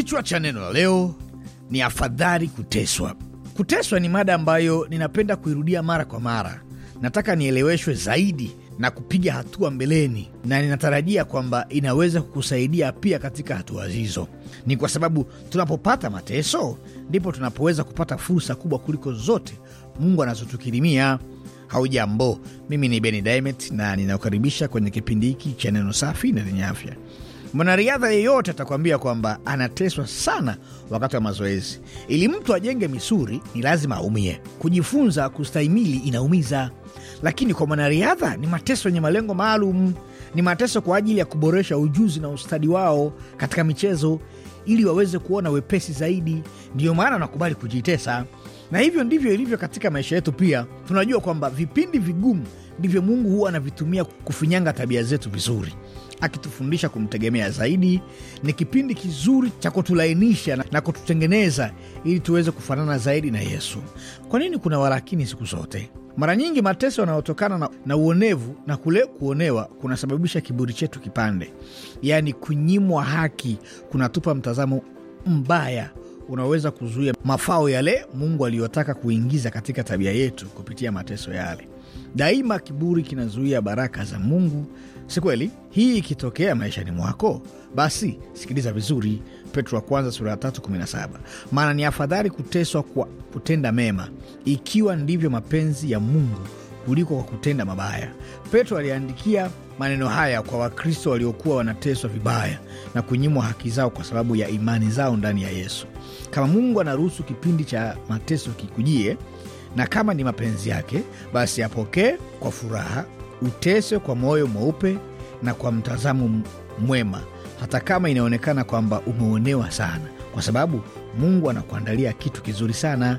Kichwa cha neno la leo ni afadhali kuteswa. Kuteswa ni mada ambayo ninapenda kuirudia mara kwa mara. Nataka nieleweshwe zaidi na kupiga hatua mbeleni, na ninatarajia kwamba inaweza kukusaidia pia katika hatua hizo. Ni kwa sababu tunapopata mateso ndipo tunapoweza kupata fursa kubwa kuliko zote Mungu anazotukirimia. Haujambo, mimi ni Beni Dimet na ninakukaribisha kwenye kipindi hiki cha neno safi na lenye afya. Mwanariadha yeyote atakuambia kwamba anateswa sana wakati wa mazoezi. Ili mtu ajenge misuli, ni lazima aumie. Kujifunza kustahimili inaumiza, lakini kwa mwanariadha ni mateso yenye malengo maalum. Ni mateso kwa ajili ya kuboresha ujuzi na ustadi wao katika michezo, ili waweze kuona wepesi zaidi. Ndiyo maana wanakubali kujitesa, na hivyo ndivyo ilivyo katika maisha yetu pia. Tunajua kwamba vipindi vigumu ndivyo Mungu huwa anavitumia kufinyanga tabia zetu vizuri, akitufundisha kumtegemea zaidi. Ni kipindi kizuri cha kutulainisha na kututengeneza ili tuweze kufanana zaidi na Yesu. Kwa nini kuna walakini siku zote? Mara nyingi mateso yanayotokana na, na uonevu na kule kuonewa kunasababisha kiburi chetu kipande, yaani kunyimwa haki kunatupa mtazamo mbaya unaweza kuzuia mafao yale Mungu aliyotaka kuingiza katika tabia yetu kupitia mateso yale. Daima kiburi kinazuia baraka za Mungu, si kweli? Hii ikitokea maishani mwako, basi sikiliza vizuri, Petro wa kwanza sura ya 3:17, maana ni afadhali kuteswa kwa kutenda mema, ikiwa ndivyo mapenzi ya Mungu kuliko kwa kutenda mabaya. Petro aliandikia maneno haya kwa Wakristo waliokuwa wanateswa vibaya na kunyimwa haki zao kwa sababu ya imani zao ndani ya Yesu. Kama Mungu anaruhusu kipindi cha mateso kikujie, na kama ni mapenzi yake, basi apokee kwa furaha, uteswe kwa moyo mweupe na kwa mtazamo mwema, hata kama inaonekana kwamba umeonewa sana, kwa sababu Mungu anakuandalia kitu kizuri sana